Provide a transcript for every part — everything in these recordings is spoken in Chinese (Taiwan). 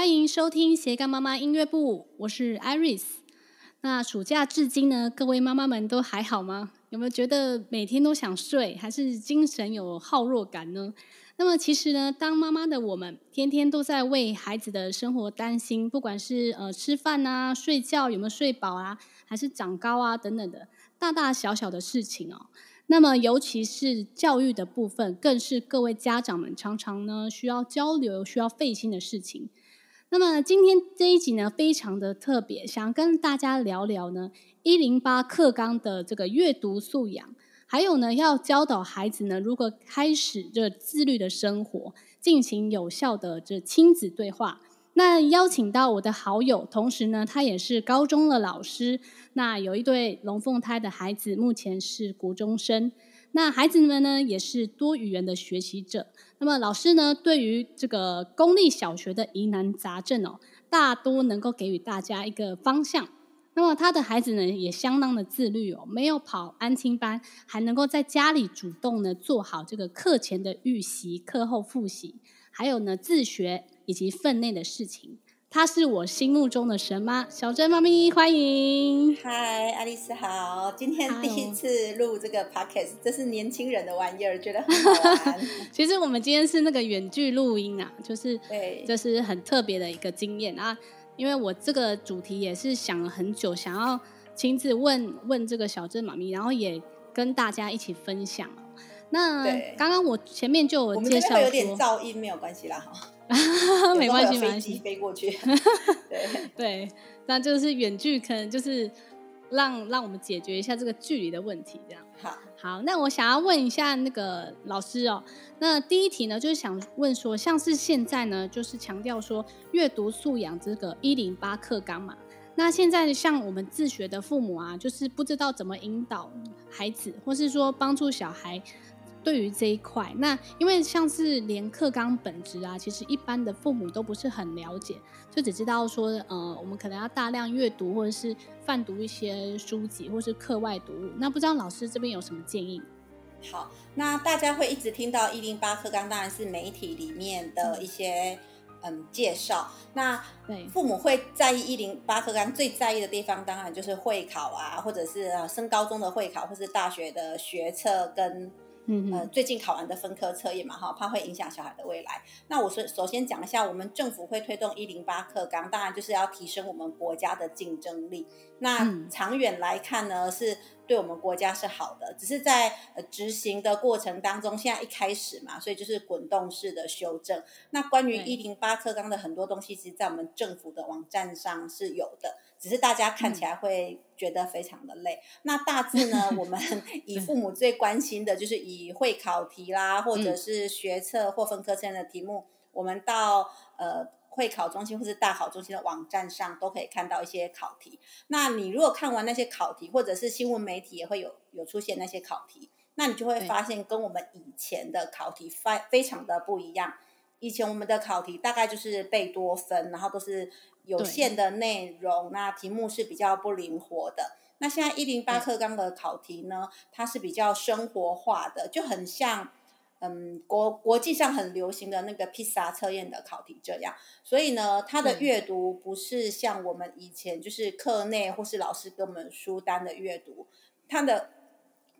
歡迎收聽斜槓媽媽音樂部，我是 Iris。那暑假至今呢，各位媽媽們都還好嗎？有沒有覺得每天都想睡，還是精神有耗弱感呢？那麼其實呢，當媽媽的我們，天天都在為孩子的生活擔心，不管是呃吃飯啊、睡覺有沒有睡飽啊，還是長高啊等等的，大大小小的事情哦。那麼尤其是教育的部分，更是各位家長們常常呢需要交流、需要費心的事情。那麼今天這一集呢，非常的特別，想跟大家聊聊呢，一零八課綱的這個閱讀素養，還有呢，要教導孩子呢如何開始這自律的生活，進行有效的這親子對話。那邀請到我的好友，同時呢，他也是高中的老師，那有一對龍鳳胎的孩子，目前是國中生。那孩子們呢，也是多語言的學習者。那麼老師呢，對於這個公立小學的疑難雜症哦，大多能夠給予大家一個方向。那麼他的孩子呢，也相當的自律哦，沒有跑安親班，還能夠在家裡主動呢做好這個課前的預習、課後複習，還有呢自學以及分內的事情。他是我心目中的神嗎？小珍媽咪，歡迎。嗨，愛麗絲好，今天第一次錄這個 p o c a s t，這是年輕人的玩意兒，覺得很好 其實我們今天是那個遠距錄音啊，就是對，這是很特別的一個經驗啊。因為我這個主題也是想了很久，想要親自問問這個小鎮媽咪，然後也跟大家一起分享。那剛剛我前面就有介紹，有，有點噪音沒有關係啦， 沒關係，沒關係，飛過去。 對,那就是遠距，可能就是讓讓我們解決一下這個距離的問題，這樣。好，好，那我想要問一下那個老師哦，那第一題呢，就是想問說，像是現在呢，就是強調說閱讀素養這個一零八課綱嘛，那現在像我們自學的父母啊，就是不知道怎麼引導孩子，或是說幫助小孩。對於這一塊，那因為像是連課綱本質啊，其實一般的父母都不是很了解，就只知道說，呃，我們可能要大量閱讀或者是泛讀一些書籍或是課外讀物。那不知道老師這邊有什麼建議？好，那大家會一直聽到一零八課綱，當然是媒體裡面的一些嗯，嗯介紹。那父母會在意一零八課綱最在意的地方，當然就是會考啊，或者是升高中的會考，或者是大學的學測跟，嗯，呃，最近考完的分科測驗嘛，哈，怕會影響小孩的未來。那我首首先講一下，我們政府會推動一零八課綱，當然就是要提升我們國家的競爭力。那長遠來看呢，是對我們國家是好的。只是在執行的過程當中，現在一開始嘛，所以就是滾動式的修正。那關於一零八課綱的很多東西，其實在我們政府的網站上是有的。只是大家看起來會覺得非常的累。嗯、那大致呢， 我們以父母最關心的就是以會考題啦，嗯、或者是學測或分科測的題目，我們到呃會考中心或是大考中心的網站上都可以看到一些考題。那你如果看完那些考題，或者是新聞媒體也會有有出現那些考題，那你就會發現跟我們以前的考題非非常的不一樣。以前我們的考題大概就是貝多芬，然後都是。有限的內容，那題目是比較不靈活的。那現在一零八課綱的考題呢、嗯，它是比較生活化的，就很像，嗯，國國際上很流行的那個 PISA 測驗的考題這樣。所以呢，它的閱讀不是像我們以前就是課內或是老師給我們書單的閱讀，它的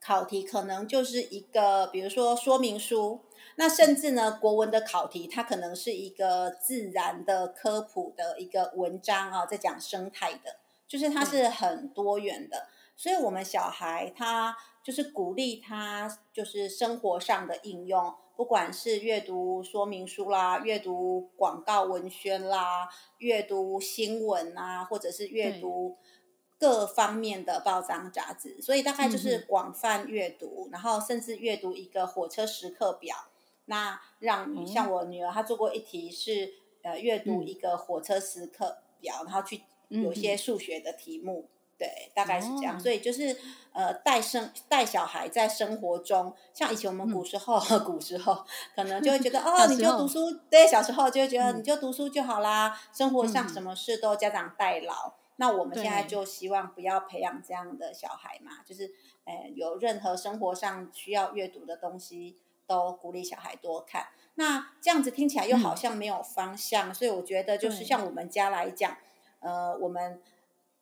考題可能就是一個，比如說說明書。那甚至呢，國文的考題，它可能是一個自然的科普的一個文章啊、哦，在講生態的，就是它是很多元的，嗯、所以我們小孩他就是鼓勵他就是生活上的應用，不管是閱讀說明書啦，閱讀廣告文宣啦，閱讀新聞啦，或者是閱讀各方面的報章雜誌，嗯、所以大概就是廣泛閱讀、嗯，然後甚至閱讀一個火車時刻表。那讓你像我女兒、嗯，她做過一題是呃閱讀一個火車時刻表、嗯，然後去有些數學的題目，嗯嗯對，大概是這樣。哦、所以就是呃帶生帶小孩在生活中，像以前我們古時候，嗯、古時候可能就會覺得、嗯、哦，你就讀書，對，小時候就會覺得、嗯、你就讀書就好啦，生活上什麼事都家長代勞。嗯、那我們現在就希望不要培養這樣的小孩嘛，就是、呃、有任何生活上需要閱讀的東西。都鼓勵小孩多看，那這樣子聽起來又好像沒有方向，嗯、所以我覺得就是像我們家來講，呃，我們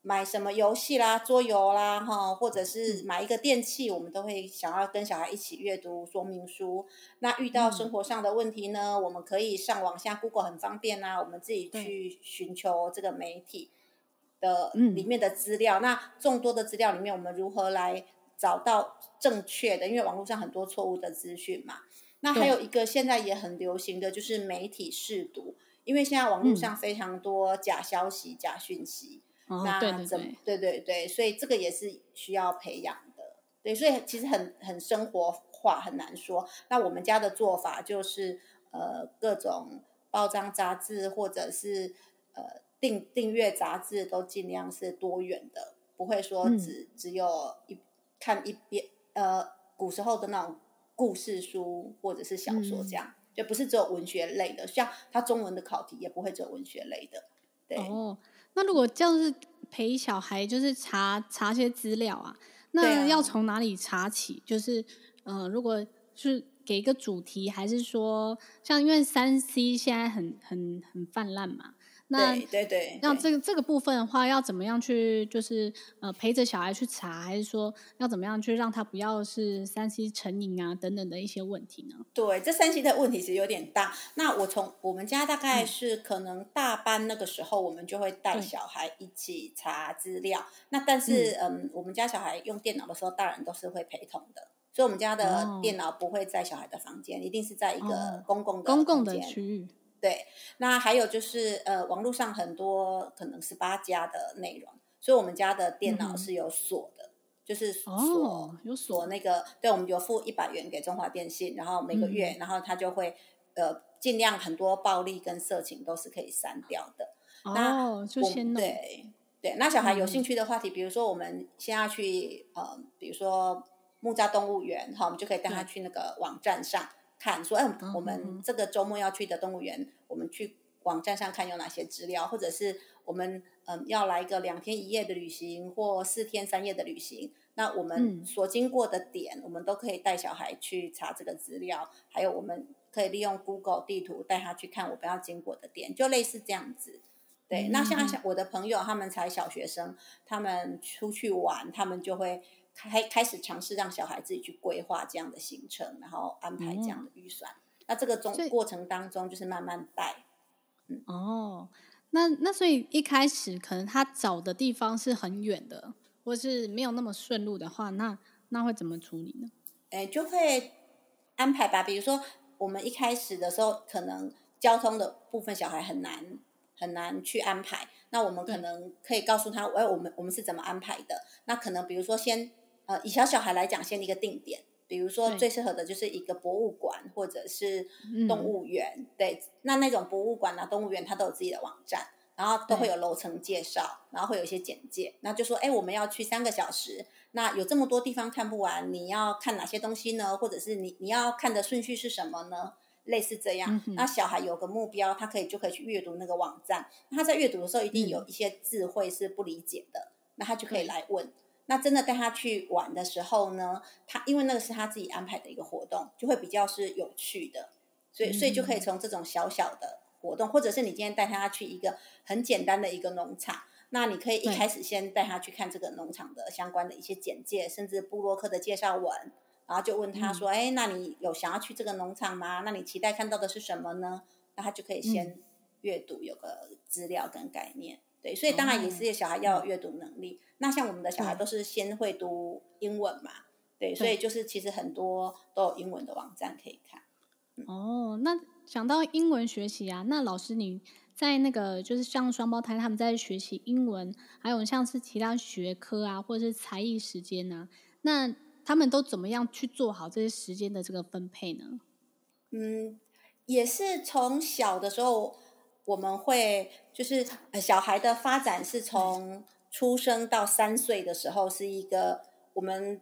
買什麼遊戲啦、桌遊啦，哈，或者是買一個電器、嗯，我們都會想要跟小孩一起閱讀說明書。那遇到生活上的問題呢，嗯、我們可以上網，下 Google 很方便啊，我們自己去尋求這個媒體的裡面的資料。嗯、那眾多的資料裡面，我們如何來找到正確的，因為網絡上很多錯誤的資訊嘛。那還有一個現在也很流行的就是媒體識讀，因為現在網絡上非常多假消息，嗯、假訊息、哦。那怎對對對，對對對，所以這個也是需要培養的。對，所以其實很很生活化，很難說。那我們家的做法就是，呃，各種報章雜誌或者是呃訂訂閱雜誌都儘量是多元的，不會說只、嗯、只有一。看一遍，呃，古時候的那種故事書或者是小說，這樣、嗯、就不是只有文學類的，像他中文的考題也不會只有文學類的。對哦，那如果就是陪小孩就是查查些資料啊，那要從哪裡查起？就是，嗯、呃，如果是給一個主題，還是說，像因為三 C 現在很很很泛濫嘛？那對、這個、對，那這個這個部分的話，要怎麼樣去就是呃陪着小孩去查，還是說要怎麼樣去讓他不要是 3C 成癮啊等等的一些問題呢？對，這 3C 的問題其實有點大。那我從我們家大概是可能大班那個時候，我們就會帶小孩一起查資料。嗯、那但是嗯，嗯，我們家小孩用電腦的時候，大人都是會陪同的，所以我們家的電腦不會在小孩的房間，哦、一定是在一個公共的、哦、公共的區域。對，那還有就是，呃，網絡上很多可能十八加的內容，所以我們家的電腦是有鎖的，嗯，就是鎖、哦、有鎖那個，對，我們有付一百元給中華電信，然後每個月，嗯，然後他就會呃盡量很多暴力跟色情都是可以刪掉的。哦，那我就先對對，那小孩有興趣的話題，嗯，比如說我們先要去呃，比如說木柵動物園，哈，我們就可以帶他去那個網站上。看、說，嗯，我們這個週末要去的動物園，我們去網站上看有哪些資料，或者是我們，嗯，要來一個兩天一夜的旅行或四天三夜的旅行，那我們所經過的點，嗯，我們都可以帶小孩去查這個資料，還有我們可以利用 Google 地圖帶他去看我們要經過的點，就類似這樣子。對，嗯，那像我的朋友他們才小學生，他們出去玩，他們就會。開開始嘗試讓小孩自己去規劃這樣的行程，然後安排這樣的預算。嗯、那這個中過程當中就是慢慢帶。嗯、哦，那那所以一開始可能他找的地方是很遠的，或是沒有那麼順路的話，那那會怎麼處理呢？誒、欸，就會安排吧。比如說我們一開始的時候，可能交通的部分小孩很難很難去安排，那我們可能可以告訴他，嗯、哎，我們我們是怎麼安排的？那可能比如說先。呃，以小小孩來講，先一個定點，比如說最適合的就是一個博物館或者是動物園，嗯、對，那那種博物館啊、動物園，它都有自己的網站，然後都會有樓層介紹，然後會有一些簡介，那就說，誒，我們要去三個小時，那有這麼多地方看不完，你要看哪些東西呢？或者是你你要看的順序是什麼呢？類似這樣，嗯、那小孩有個目標，他可以就可以去閱讀那個網站，那他在閱讀的時候一定有一些字彙是不理解的，嗯、那他就可以來問。那真的帶他去玩的時候呢，他因為那個是他自己安排的一個活動，就會比較是有趣的，所以所以就可以從這種小小的活動，或者是你今天帶他去一個很簡單的一個農場，那你可以一開始先帶他去看這個農場的相關的一些簡介，甚至部落客的介紹文，然後就問他說：“哎、嗯欸，那你有想要去這個農場嗎？那你期待看到的是什麼呢？”那他就可以先閱讀有個資料跟概念。對，所以當然也是小孩要有閱讀能力。Oh. 那像我們的小孩都是先會讀英文嘛。對，對，所以就是其實很多都有英文的網站可以看。哦、嗯，oh, 那講到英文學習啊，那老師你在那個就是像雙胞胎他們在學習英文，還有像是其他學科啊，或者是才藝時間啊，那他們都怎麼樣去做好這些時間的這個分配呢？嗯，也是從小的時候，我們會就是小孩的發展是從出生到三歲的時候是一個我們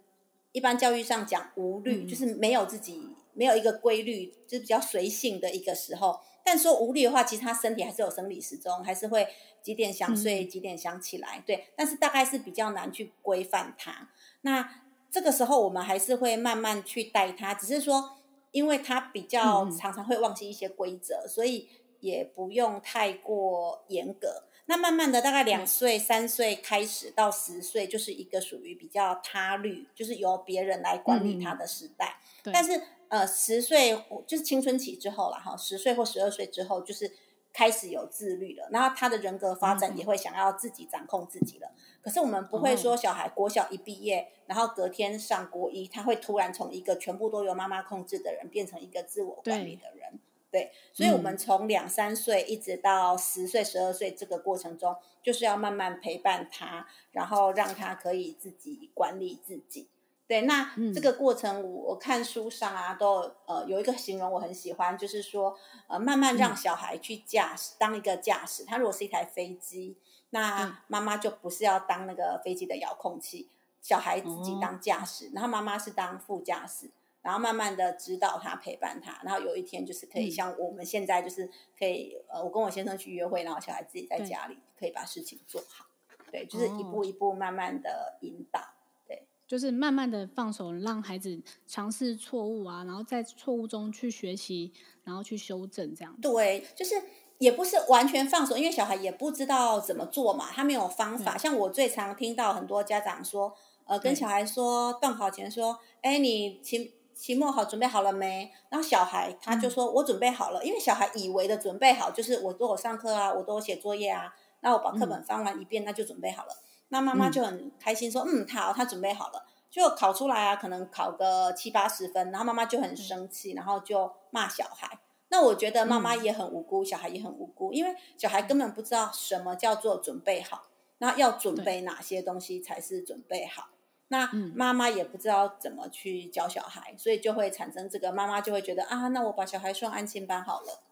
一般教育上講無律，就是沒有自己沒有一個規律，就是比較隨性的一個時候。但說無律的話，其實他身體還是有生理時鐘，還是會幾點想睡幾點想起來。對，但是大概是比較難去規範他。那這個時候我們還是會慢慢去帶他，只是說因為他比較常常會忘記一些規則，所以，也不用太過嚴格，那慢慢的，大概兩歲、三、mm. 歲開始到十歲，就是一個屬於比較他律，就是由別人來管理他的時代。Mm. 但是，呃，十歲就是青春期之後了哈，十歲或十二歲之後，就是開始有自律了。然後他的人格發展也會想要自己掌控自己了。Mm. 可是我們不會說，小孩國小一畢業，mm. 然後隔天上國一，他會突然從一個全部都由媽媽控制的人，變成一個自我管理的人。對，所以，我們從兩三歲一直到十歲、嗯、十二歲這個過程中，就是要慢慢陪伴他，然後讓他可以自己管理自己。對，那這個過程我看書上啊，都呃有一個形容我很喜歡，就是說呃慢慢讓小孩去駕駛，嗯、當一個駕駛。他如果是一台飛機，那媽媽就不是要當那個飛機的遙控器，小孩自己當駕駛，哦、然後媽媽是當副駕駛。然後慢慢的指導他，陪伴他，然後有一天就是可以像我們現在就是可以，嗯、呃，我跟我先生去約會，然後小孩自己在家裡可以把事情做好，對，對就是一步一步慢慢的引導、哦，對，就是慢慢的放手，讓孩子嘗試錯誤啊，然後在錯誤中去學習，然後去修正這樣。對，就是也不是完全放手，因為小孩也不知道怎麼做嘛，他沒有方法。像我最常聽到很多家長說，呃，跟小孩說，段考前說，哎，你請。期末考準備好了沒？然後小孩他就說：“嗯、我準備好了。”因為小孩以為的準備好就是我都有上課啊，我都有寫作業啊。那我把課本翻完一遍，嗯，那就準備好了。那媽媽就很開心說嗯：“嗯，好，他準備好了。”就考出來啊，可能考個七八十分，然後媽媽就很生氣，嗯，然後就罵小孩。那我覺得媽媽也很無辜，嗯，小孩也很無辜，因為小孩根本不知道什麼叫做準備好，那要準備哪些東西才是準備好。那媽媽也不知道怎麼去教小孩，嗯、所以就會產生這個媽媽就會覺得啊，那我把小孩送安親班好了，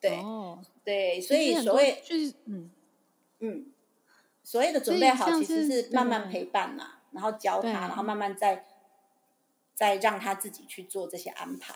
對、哦、對，所以所謂就是嗯嗯，所謂的準備好其實是慢慢陪伴嘛、啊啊，然後教他，啊、然後慢慢再再讓他自己去做這些安排，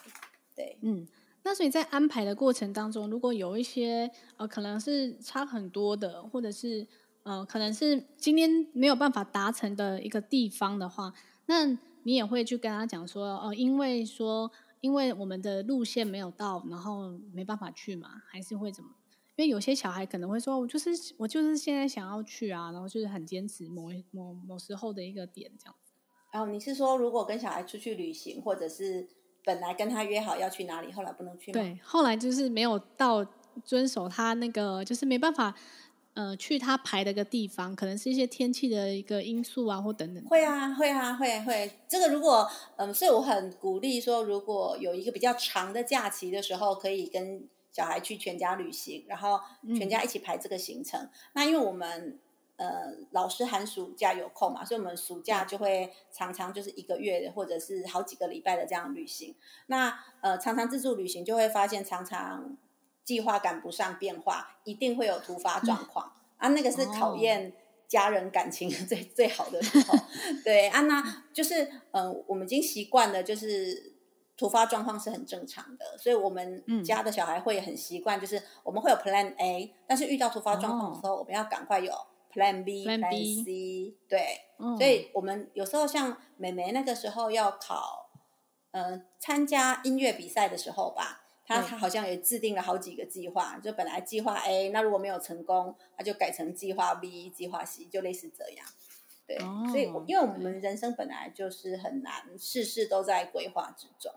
對，嗯，那所以在安排的過程當中，如果有一些呃可能是差很多的，或者是。呃，可能是今天沒有辦法達成的一個地方的話，那你也會去跟他講說，哦、呃，因為說，因為我們的路線沒有到，然後沒辦法去嘛，還是會怎麼？因為有些小孩可能會說，我就是我就是現在想要去啊，然後就是很堅持某某某時候的一個點這樣。然後，哦，你是說，如果跟小孩出去旅行，或者是本來跟他約好要去哪裡，後來不能去嗎？對，後來就是沒有到遵守他那個，就是沒辦法。呃，去他排的個地方，可能是一些天氣的一個因素啊，或等等。會啊，會啊，會會。這個如果，嗯、呃，所以我很鼓勵說，如果有一個比較長的假期的時候，可以跟小孩去全家旅行，然後全家一起排這個行程。嗯、那因為我們，呃，老師寒暑假有空嘛，所以我們暑假就會常常就是一個月或者是好幾個禮拜的這樣的旅行。那呃，常常自助旅行就會發現常常。計劃趕不上變化，一定會有突發狀況、嗯、啊！那個是考驗家人感情最、oh. 最好的時候， 對啊那，那就是嗯、呃，我們已經習慣了，就是突發狀況是很正常的，所以我們家的小孩會很習慣、就是嗯，就是我們會有 Plan A，但是遇到突發狀況的時候，oh. 我們要趕快有 Plan B、Plan C，對，oh. 所以我們有時候像美美那個時候要考嗯、呃、參加音樂比賽的時候吧。他他好像也制定了好幾個計劃，就本來計劃 A，那如果沒有成功，他就改成計劃 B、計劃 C，就類似這樣，對、哦。所以，因為我們人生本來就是很難，事事都在規劃之中，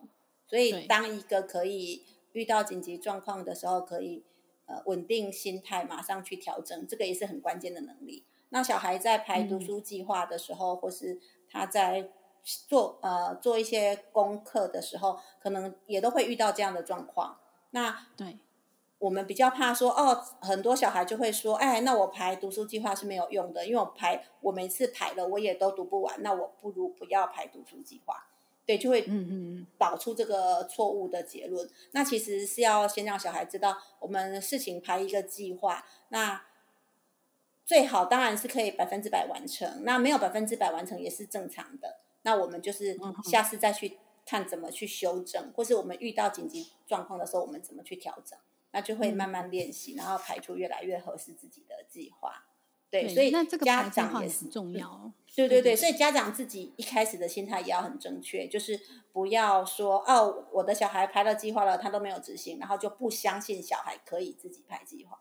所以當一個可以遇到緊急狀況的時候，可以呃穩定心態，馬上去調整，這個也是很關鍵的能力。那小孩在排讀書計劃的時候，嗯、或是他在。做呃做一些功課的時候，可能也都會遇到這樣的狀況。那對，我們比較怕說哦，很多小孩就會說，哎，那我排讀書計劃是沒有用的，因為我排我每次排了我也都讀不完，那我不如不要排讀書計劃。對，就會嗯嗯導出這個錯誤的結論嗯嗯嗯。那其實是要先讓小孩知道，我們事情排一個計劃，那最好當然是可以百分之百完成。那沒有百分之百完成也是正常的。那我們就是下次再去看怎麼去修正，嗯、或是我們遇到緊急狀況的時候，我們怎麼去調整，嗯。那就會慢慢練習，然後排出越來越合適自己的計劃。對，對，所以那這個家長也很重要、哦對對對對。對對對，所以家長自己一開始的心態也要很正確，就是不要說哦、啊，我的小孩排了計劃了，他都沒有執行，然後就不相信小孩可以自己排計劃。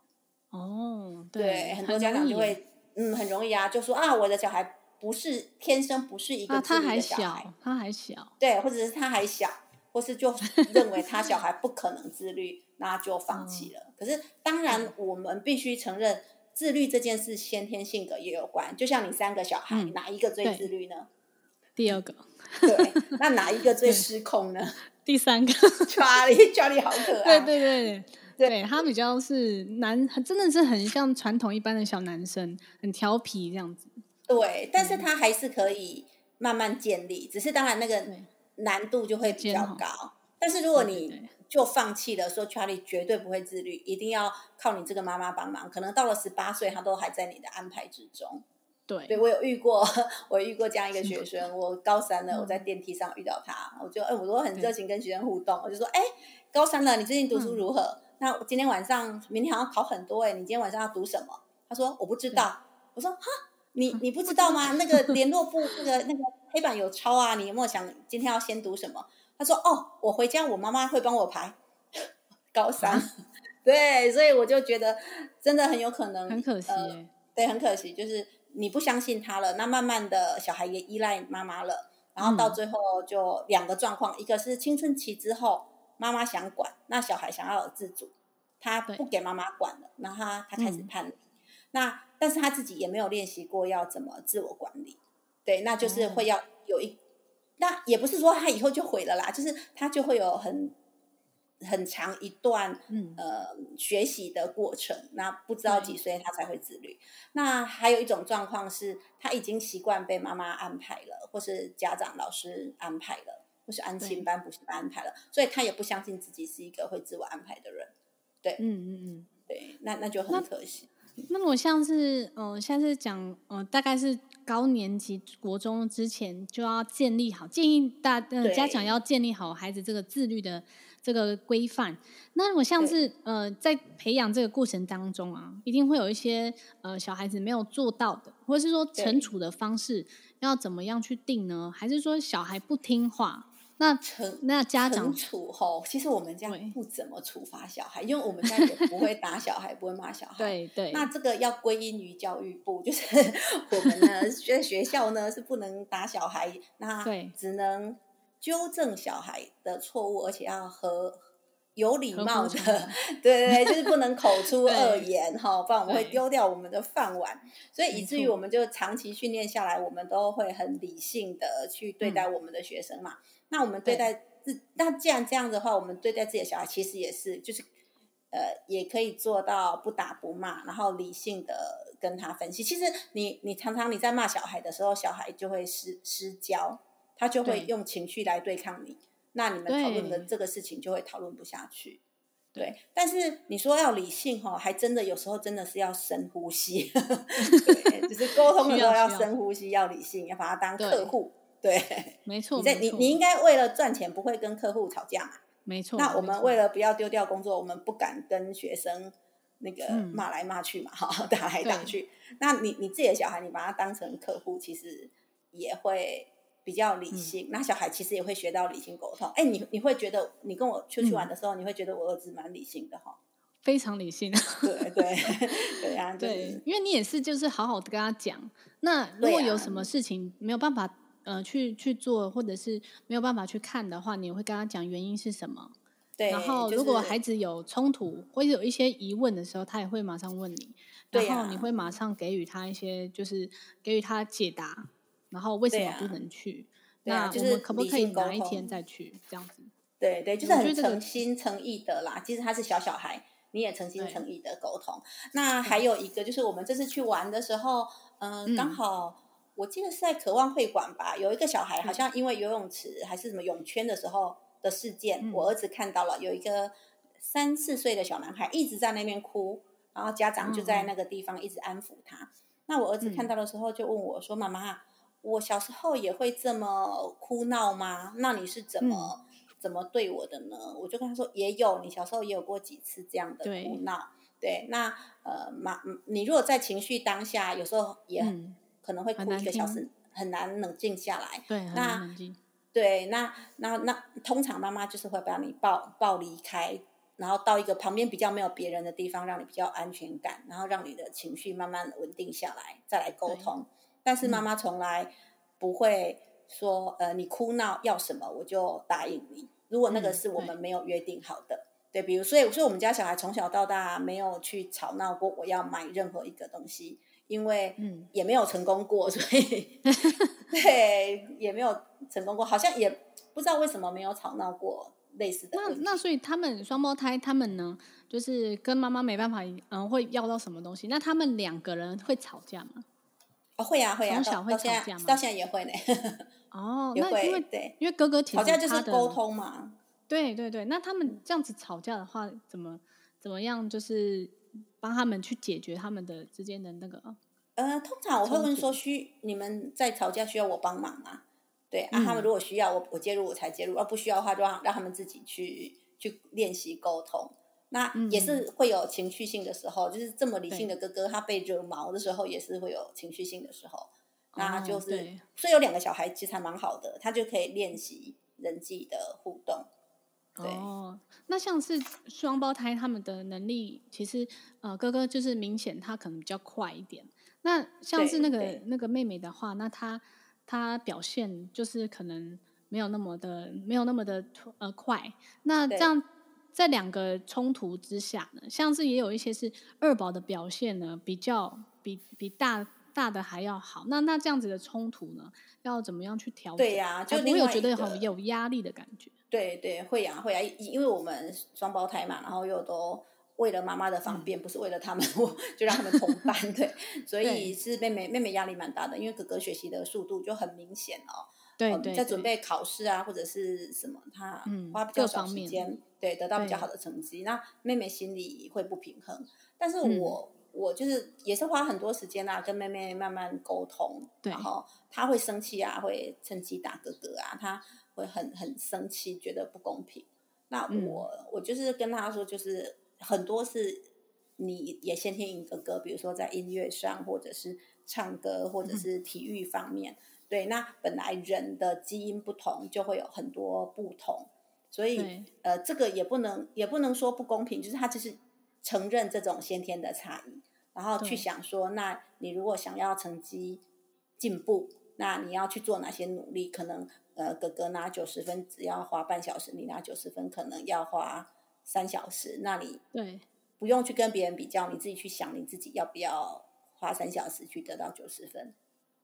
哦，對，對很多家長就會嗯，很容易啊，就說啊，我的小孩。不是天生不是一個自律的小孩、啊他還小，他還小，對，或者是他還小，或是就認為他小孩不可能自律， 那就放棄了、嗯。可是當然我們必須承認，自律這件事先天性格也有關。就像你三個小孩，嗯、哪一個最自律呢？第二個。 對，那哪一個最失控呢？ 第三個。查理，查理好可愛。對對對，對。對，他比較是男，真的是很像傳統一般的小男生，很調皮這樣子。對，但是他還是可以慢慢建立、嗯，只是當然那個難度就會比較高。但是如果你就放棄了，說 Charlie 絕對不會自律對對對，一定要靠你這個媽媽幫忙，可能到了十八歲他都還在你的安排之中。對，對我有遇過，我遇過這樣一個學生，我高三了，我在電梯上遇到他，嗯、我就哎、欸，我都很熱情跟學生互動，我就說哎、欸，高三了，你最近讀書如何？嗯、那今天晚上明天好像考很多、欸，哎，你今天晚上要讀什麼？他說我不知道，我說哈。你你不知道嗎？ 那個聯絡簿那個那個黑板有抄啊！你有沒有想今天要先讀什麼？他說哦，我回家我媽媽會幫我排 高三、啊。對，所以我就覺得真的很有可能很可惜、呃，對，很可惜就是你不相信他了，那慢慢的小孩也依賴媽媽了，然後到最後就兩個狀況、嗯，一個是青春期之後媽媽想管，那小孩想要有自主，他不給媽媽管了，然後他他開始叛逆。嗯那但是他自己也沒有練習過要怎麼自我管理，對，那就是會要有一，嗯、那也不是說他以後就毀了啦，就是他就會有很很長一段呃、嗯、學習的過程，那不知道幾歲他才會自律。那還有一種狀況是他已經習慣被媽媽安排了，或是家長、老師安排了，或是安親班、補習班安排了，所以他也不相信自己是一個會自我安排的人。對，嗯嗯嗯，對，那那就很可惜。那我像是，呃，像是講，呃，大概是高年級國中之前就要建立好，建議大，嗯，家、呃、長要建立好孩子這個自律的這個規範。那我像是，呃，在培養這個過程當中啊，一定會有一些，呃，小孩子沒有做到的，或者是說懲處的方式要怎麼樣去定呢？還是說小孩不聽話？那成，那家長處吼，其實我們家不怎麼處罰小孩，因為我們家也不會打小孩， 不會罵小孩。對對。那這個要歸因於教育部，就是我們呢在 學校呢是不能打小孩， 那只能糾正小孩的錯誤，而且要和有禮貌的， 對，對對，就是不能口出惡言哈、 哦，不然我們會丟掉我們的飯碗。所以以至於我們就長期訓練下來，我們都會很理性的去對待我們的學生嘛。嗯那我們對待自那既然這樣的話，我們對待自己的小孩其實也是，就是，呃，也可以做到不打不罵，然後理性的跟他分析。其實你你常常你在罵小孩的時候，小孩就會失失焦，他就會用情緒來對抗你。對。那你們討論的這個事情就會討論不下去。對，對但是你說要理性哈、哦，還真的有時候真的是要深呼吸， 對就是溝通的時候要深呼吸， 要理性，要把他當客戶。對，沒錯。你在、沒錯你你應該為了賺錢不會跟客戶吵架嘛？沒錯。那我們為了不要丟掉工作，我們不敢跟學生那個罵來罵去嘛，哈、嗯，打來打去。那你你自己的小孩，你把他當成客戶，其實也會比較理性、嗯。那小孩其實也會學到理性溝通。哎、嗯欸，你你會覺得你跟我出去玩的時候、嗯，你會覺得我兒子蠻理性的哈，非常理性、啊。對對 對啊、就是，對，因為你也是就是好好的跟他講。那如果有什麼事情、啊、沒有辦法。呃，去去做，或者是沒有辦法去看的話，你會跟他講原因是什麼？對。然後，如果孩子有衝突、就是、或者有一些疑問的時候，他也會馬上問你。對、啊。然後你會馬上給予他一些，就是給予他解答。然後為什麼不能去？啊、那就是可不可以哪一天再去、啊就是、這樣子？對對，就是很誠心誠意的啦，這個。其實他是小小孩，你也誠心誠意的溝通。那還有一個、嗯、就是，我們這次去玩的時候，嗯、呃，剛好。嗯我記得是在渴望會館吧，有一個小孩好像因為游泳池還是什麼泳圈的時候的事件，嗯、我兒子看到了，有一個三四歲的小男孩一直在那邊哭，然後家長就在那個地方一直安撫他。哦嗯、那我兒子看到的時候就問我說、嗯：“媽媽，我小時候也會這麼哭鬧嗎？那你是怎麼、嗯、怎麼對我的呢？”我就跟他說：“也有，你小時候也有過幾次這樣的哭鬧。對”對，那呃，媽，你如果在情緒當下，有時候也很。嗯可能會哭一個小時，很難冷靜下來。對，難難對，那對那那那，通常媽媽就是會把你抱抱離開，然後到一個旁邊比較沒有別人的地方，讓你比較安全感，然後讓你的情緒慢慢穩定下來，再來溝通。但是媽媽從來不會說，嗯、呃，你哭鬧要什麼我就答應你。如果那個是我們沒有約定好的，嗯、對，對，比如所以所以我們家小孩從小到大沒有去吵鬧過，我要買任何一個東西。因為嗯，也沒有成功過，所以 對，也沒有成功過，好像也不知道為什麼沒有吵鬧過，類似的。那那所以他們雙胞胎他們呢，就是跟媽媽沒辦法，嗯，會要到什麼東西？那他們兩個人會吵架嗎？哦、會啊，會呀會呀，從小會吵架嗎到到，到現在也會呢。 哦，因為對，因為哥哥挺他的。吵架就是溝通嘛。對對對，那他們這樣子吵架的話，怎麼怎麼樣就是？幫他們去解決他們的之間的那個、哦、呃，通常我會問說，需你們在吵架需要我幫忙嗎？啊？對、嗯、啊，他們如果需要我，我介入我才介入，而不需要的話就，就讓他們自己去去練習溝通。那也是會有情緒性的時候，嗯、就是這麼理性的哥哥，他被惹毛的時候也是會有情緒性的時候。那就是、哦、所以有兩個小孩其實還蠻好的，他就可以練習人際的互動。哦，那像是雙胞胎，他們的能力其實，呃，哥哥就是明顯他可能比較快一點。那像是那個那個妹妹的話，那她她表現就是可能沒有那麼的沒有那麼的呃快。那這樣在兩個衝突之下呢，像是也有一些是二寶的表現呢，比較比比大大的還要好。那那這樣子的衝突呢，要怎麼樣去調整？對呀、啊，就不會有覺得好有壓力的感覺。對對，會呀、啊、會呀、啊，因為我們雙胞胎嘛，然後又都為了媽媽的方便、嗯，不是為了他們，我就讓他們同班， 對，所以是妹妹妹妹壓力蠻大的，因為哥哥學習的速度就很明顯哦，對對，對，哦、在準備考試啊對對或者是什麼，他花比較少時間、嗯，對，得到比較好的成績，那妹妹心裡會不平衡，但是我、嗯、我就是也是花很多時間啊，跟妹妹慢慢溝通，對然後她會生氣啊，會趁機打哥哥啊，他。會很很生氣，覺得不公平。那我、嗯、我就是跟他說，就是很多是，你也先天一個歌，比如說在音樂上，或者是唱歌，或者是體育方面。嗯、對，那本來人的基因不同，就會有很多不同。所以呃，這個也不能也不能說不公平，就是他就是承認這種先天的差異，然後去想說，那你如果想要成績進步，那你要去做哪些努力？可能。呃，哥哥拿九十分，只要花半小時；你拿九十分，可能要花三小時。那你對不用去跟別人比較，你自己去想，你自己要不要花三小時去得到九十分？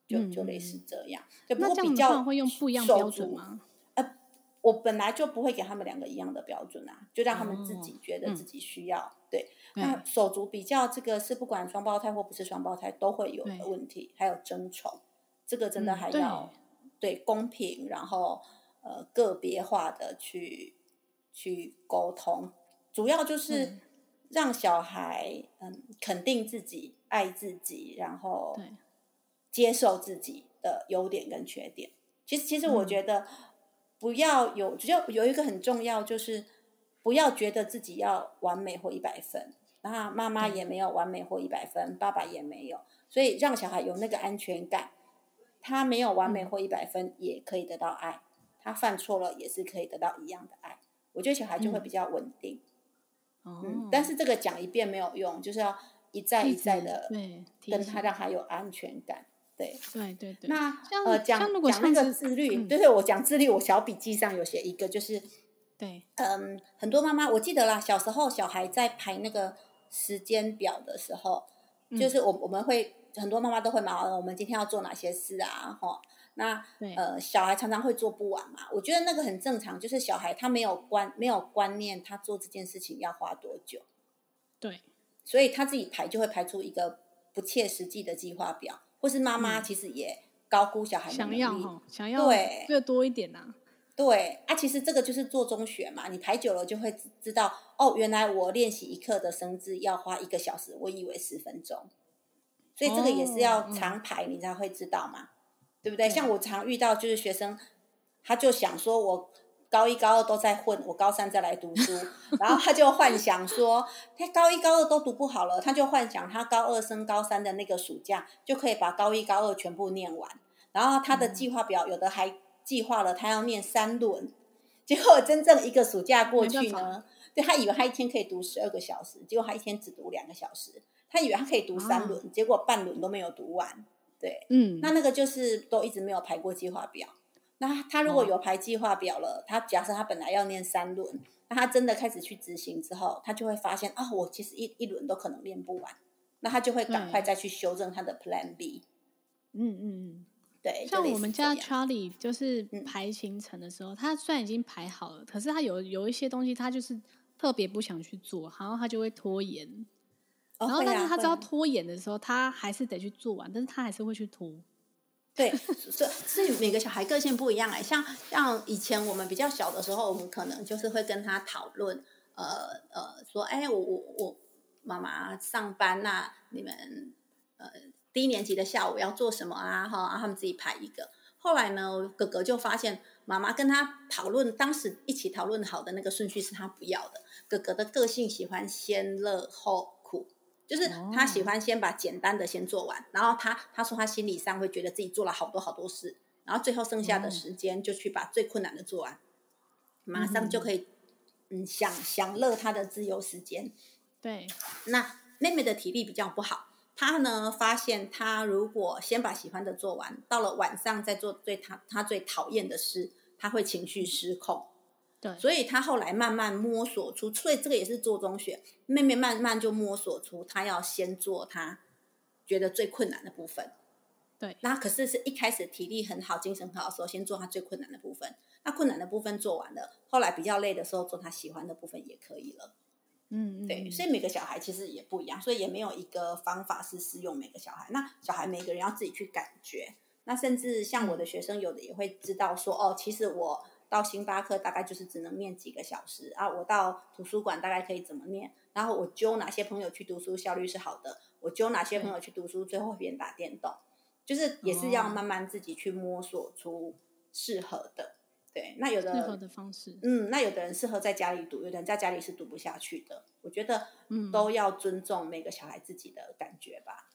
嗯、就就類似這樣。嗯、就不過比較手足，那這樣會用不一樣標準嗎？呃，我本來就不會給他們兩個一樣的標準啊，就讓他們自己覺得自己需要。哦嗯、對，對，那手足比較這個是不管雙胞胎或不是雙胞胎都會有的問題，還有爭寵，這個真的還要、嗯。對公平，然後呃，個別化的去去溝通，主要就是讓小孩嗯、嗯，肯定自己，愛自己，然後接受自己的優點跟缺點。其實其實我覺得不要有，只、嗯、要有一個很重要，就是不要覺得自己要完美或一百分，然後媽媽也沒有完美或一百分，嗯，爸爸也沒有，所以讓小孩有那個安全感。他沒有完美或一百分，也可以得到愛。嗯、他犯錯了，也是可以得到一樣的愛。我覺得小孩就會比較穩定。嗯嗯哦、但是這個講一遍沒有用，就是要一再一再的跟他，讓他有安全感。對。對對對。那呃講如果講那個自律，就、嗯、是我講自律，我小筆記上有寫一個，就是對，嗯，很多媽媽我記得啦，小時候小孩在排那個時間表的時候，嗯、就是我我們會。很多媽媽都會忙，呃，我們今天要做哪些事啊？齁，那呃，小孩常常會做不完嘛。我覺得那個很正常，就是小孩他沒有關沒有觀念，他做這件事情要花多久？對，所以他自己排就會排出一個不切實際的計劃表，或是媽媽其實也高估小孩的能力，想要哈，想要，想要對、這個、多一點吶、啊。對啊，其實這個就是做中學嘛，你排久了就會知道哦，原來我練習一課的生字要花一個小時，我以為十分鐘。所以這個也是要常排，哦，你才會知道嘛，哦，對不對？像我常遇到就是學生，他就想說，我高一高二都在混，我高三再來讀書， 然後他就幻想說，他高一高二都讀不好了，他就幻想他高二升高三的那個暑假就可以把高一高二全部念完。然後他的計劃表，嗯、有的還計劃了他要念三輪，結果真正一個暑假過去呢，對，他以為他一天可以讀十二個小時，結果他一天只讀兩個小時。他以為他可以讀三輪、啊，結果半輪都沒有讀完。對，嗯，那那個就是都一直沒有排過計劃表。那他如果有排計劃表了，哦、他假設他本來要念三輪，那他真的開始去執行之後，他就會發現啊、哦，我其實一一輪都可能念不完。那他就會趕快再去修正他的 Plan B。嗯嗯嗯，對。像我們家 Charlie 就是排行程的時候，嗯、他雖然已經排好了，可是他有有一些東西他就是特別不想去做，然後他就會拖延。然後，但是他知道拖延的時候，哦啊、他還是得去做完、啊，但是他還是會去拖。對，所 所以每個小孩個性不一樣哎、欸，像像以前我們比較小的時候，我們可能就是會跟他討論，呃呃，說，哎，我我我媽媽上班吶、啊，你們呃低年級的下午要做什麼啊？哈，然後他們自己排一個。後來呢，哥哥就發現媽媽跟他討論，當時一起討論好的那個順序是他不要的，哥哥的個性喜歡先樂後。就是他喜歡先把簡單的先做完，oh. 然後他他說他心理上會覺得自己做了好多好多事，然後最後剩下的時間就去把最困難的做完，馬上就可以、mm -hmm. 嗯享享樂他的自由時間。對，那妹妹的體力比較不好，她呢發現她如果先把喜歡的做完，到了晚上再做最她她最討厭的事，她會情緒失控。對，所以他後來慢慢摸索出，所以這個也是做中學妹妹慢慢就摸索出，她要先做她覺得最困難的部分。對，那可是是一開始體力很好，精神很好的時候，先做她最困難的部分。那困難的部分做完了，後來比較累的時候，做她喜歡的部分也可以了。嗯，嗯，嗯，對。所以每個小孩其實也不一樣，所以也沒有一個方法是適用每個小孩。那小孩每個人要自己去感覺。那甚至像我的學生，有的也會知道說，哦，其實我。到星巴克大概就是只能念幾個小時啊，我到圖書館大概可以怎麼念？然後我揪哪些朋友去讀書效率是好的？我揪哪些朋友去讀書、嗯、最後別人打電動，就是也是要慢慢自己去摸索出適合的。哦、對，那有的，適合的方式，嗯，那有的人適合在家裡讀，有的人在家裡是讀不下去的。我覺得，嗯，都要尊重每個小孩自己的感覺吧。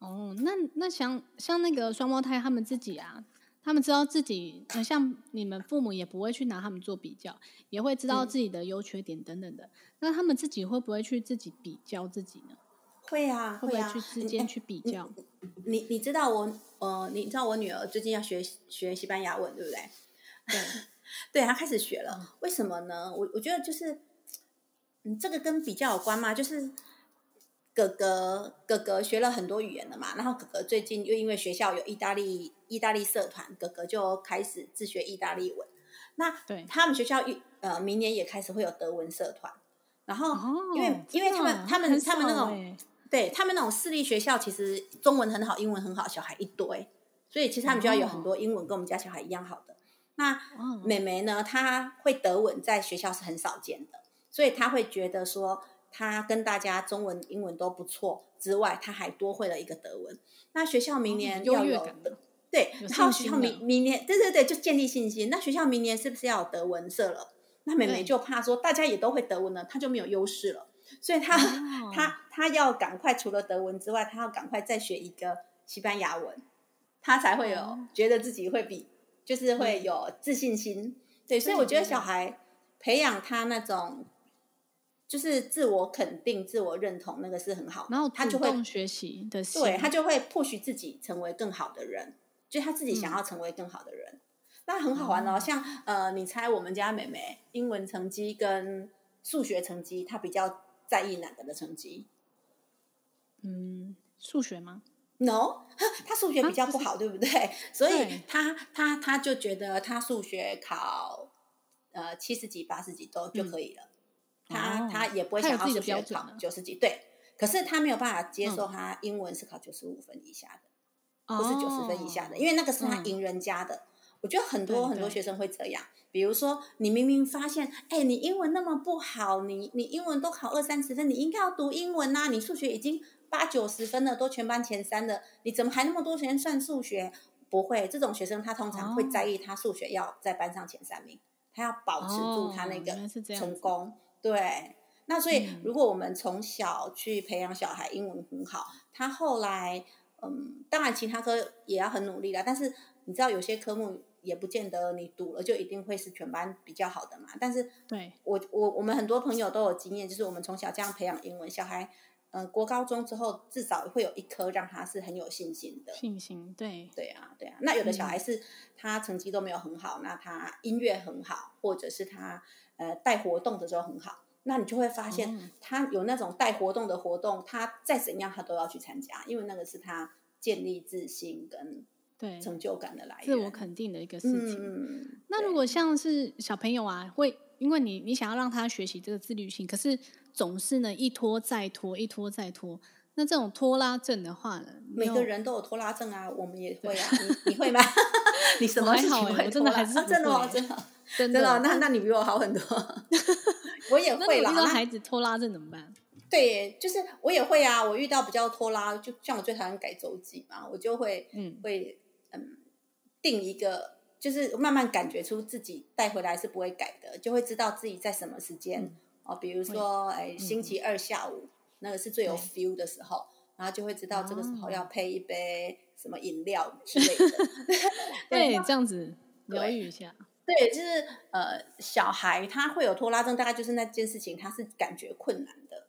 嗯、哦，那那像像那個雙胞胎他們自己啊。他們知道自己，像你們父母也不會去拿他們做比較，也會知道自己的優缺點等等的。嗯、那他們自己會不會去自己比較自己呢？會啊，會啊會去，之間去比較。啊啊、你你，你知道我呃，你知道我女兒最近要學學西班牙文，對不對？對， 對她開始學了。為什麼呢？我我覺得就是，嗯，這個跟比較有關嘛，就是。哥哥，哥哥學了很多語言了嘛，然後哥哥最近又因為學校有意大利、意大利社團，哥哥就開始自學意大利文。那對，他們學校一呃，明年也開始會有德文社團。然後因為、哦、因為他們、啊、他們、欸、他們那種對他們那種私立學校，其實中文很好，英文很好，小孩一堆，所以其實他們學校有很多英文跟我們家小孩一樣好的。那妹妹呢，她會德文，在學校是很少見的，所以她會覺得說。他跟大家中文、英文都不錯之外，他還多會了一個德文。那學校明年要有德、哦，對，然後學校明明年對對對，就建立信心。那學校明年是不是要有德文社了？那妹妹就怕說大家也都會德文了，她就沒有優勢了。所以他他他要趕快除了德文之外，他要趕快再學一個西班牙文，他才會有覺得自己會比、嗯、就是會有自信心。對，所以我覺得小孩培養他那種。就是自我肯定、自我認同，那個是很好。然後他就會學習的，對他就會迫使自己成為更好的人，就他自己想要成為更好的人。嗯、那很好玩哦，嗯、像呃，你猜我們家妹妹英文成績跟數學成績，她比較在意哪個的成績？嗯，數學嗎？No，她數學比較不好，啊、對不對？所以她她她就覺得她數學考呃七十幾、八十幾都就可以了。嗯他他也不會想到考九十幾、哦，對，可是他沒有辦法接受他英文是考九十五分以下的，嗯、不是九十分以下的，因為那個是他贏人家的。嗯、我覺得很多很多學生會這樣，比如說你明明發現，哎，你英文那麼不好，你你英文都考二三十分，你應該要讀英文啊！你數學已經八九十分了，都全班前三了，你怎麼還那麼多時間算數學？不會，這種學生他通常會在意他數學要在班上前三名，哦，他要保持住他那個成功。哦對，那所以如果我們從小去培養小孩英文很好，他後來嗯，當然其他科也要很努力啦。但是你知道有些科目也不見得你讀了就一定會是全班比較好的嘛。但是我對我我我們很多朋友都有經驗，就是我們從小這樣培養英文小孩，嗯，國高中之後至少會有一科讓他是很有信心的。信心對對啊對啊。那有的小孩是他成績都沒有很好，那他音樂很好，或者是他。呃，帶活動的時候很好，那你就會發現他有那種帶活動的活動，他再怎樣他都要去參加，因為那個是他建立自信跟對成就感的來源，自我肯定的一個事情。嗯，那如果像是小朋友啊，會因為你你想要讓他學習這個自律性，可是總是呢一拖再拖，一拖再拖，那這種拖拉症的話呢，每個人都有拖拉症啊，我們也會啊，你你會嗎？ 你什麼還好，我真的還是真的還是。真的，真的，那那你比我好很多， 我也會啦。 那孩子拖拉症怎麼辦？對，就是我也會啊。我遇到比較拖拉，就像我最討厭改週記嘛，我就會嗯會嗯定一個，就是慢慢感覺出自己帶回來是不會改的，就會知道自己在什麼時間、嗯、哦，比如說哎、嗯欸、星期二下午、嗯、那個是最有 feel 的時候，然後就會知道這個時候要配一杯什麼飲料之類的，啊 對，對，這樣子療癒一下。對，就是呃，小孩他會有拖拉症，大概就是那件事情他是感覺困難的，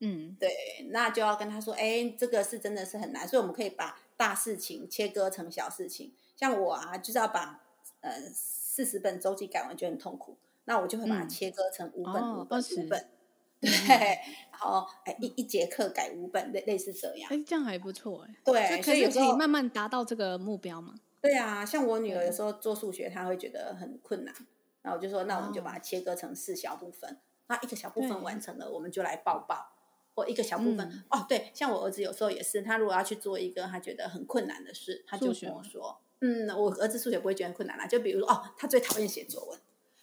嗯，對，那就要跟他說，哎、欸，這個是真的是很難，所以我們可以把大事情切割成小事情。像我啊，就是要把呃四十本周記改完就很痛苦，那我就會把它切割成五本、五、嗯、本、五本、本、本、本，對， 然後哎一、欸、一節課改五本，類類似這樣，哎、欸，這樣還不錯、欸，哎，對，所以可、可以慢慢達到這個目標嘛。嗯對啊，像我女兒有時候做數學，她會覺得很困難，嗯、然後我就說，那我們就把它切割成四小部分，那、哦、一個小部分完成了，我們就來抱抱。或一個小部分、嗯、哦，對，像我兒子有時候也是，他如果要去做一個他覺得很困難的事，他就跟我說：“嗯，我兒子數學不會覺得很困難啦、啊。”就比如說哦，他最討厭寫作文，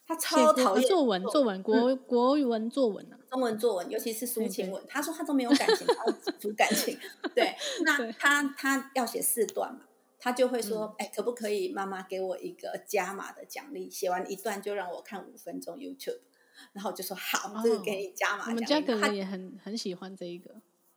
他超討厭作文，作文、作文、嗯、國國語文作文啊，中文作文，尤其是抒情文。Okay. 他說他都沒有感情， 他要抒感情。對，那他他要寫四段嘛。他就會說：“哎、嗯、欸，可不可以媽媽給我一個加碼的獎勵？寫完一段就讓我看五分鐘 YouTube。”然後就說：“好，這個給你加碼。哦”我們家可能也很很喜歡這一個。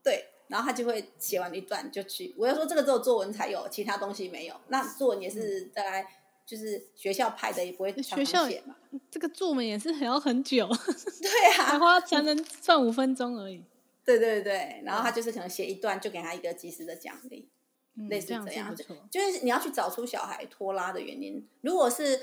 對，然後他就會寫完一段就去。我要說這個只有作文才有，其他東西沒有。那作文也是再來，就是學校派的，也不會寫學校寫嘛。這個作文也是還要很久。 對啊，才花才能算五分鐘而已。對，對對對，然後他就是可能寫一段就給他一個即時的獎勵。類似樣、嗯、這樣子，就是你要去找出小孩拖拉的原因。如果是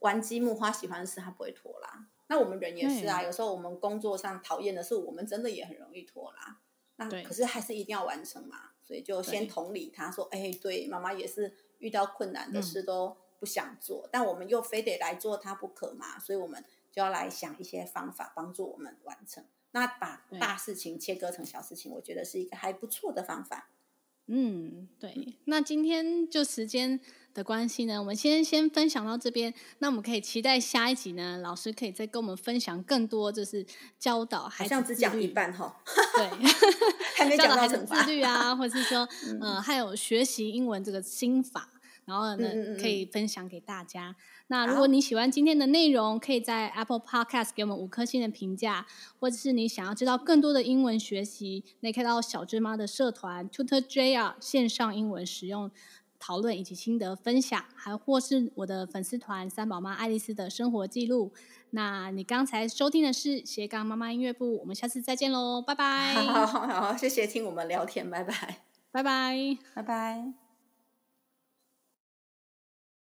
玩積木，花喜歡的事，他不會拖拉。那我們人也是啊，有時候我們工作上討厭的事，我們真的也很容易拖拉。那可是還是一定要完成嘛，所以就先同理他說：“哎、欸，對，媽媽也是遇到困難的事都不想做，嗯、但我們又非得來做它不可嘛。”所以，我們就要來想一些方法幫助我們完成。那把大事情切割成小事情，我覺得是一個還不錯的方法。嗯，對，那今天就時間的關係呢，我們先先分享到這邊。那我們可以期待下一集呢，老師可以再跟我們分享更多，就是教導孩子自律，好像只講一半哈、哦，對 教導孩子自律、啊，還沒講到懲罰啊，或者是說，呃，還有學習英文這個心法。然後呢、嗯，可以分享給大家、嗯。那如果你喜歡今天的內容，可以在 Apple Podcast 給我們五顆星的評價，或者是你想要知道更多的英文學習，你可以看到小芝媽的社團 Tutor JR 線上英文使用討論以及心得分享，還或是我的粉絲團三寶媽愛麗絲的生活記錄。那你剛才收聽的是斜槓媽媽音樂部，我們下次再見嘍，拜拜。好，好好好，謝謝聽我們聊天，拜拜，拜拜，拜拜。Bye bye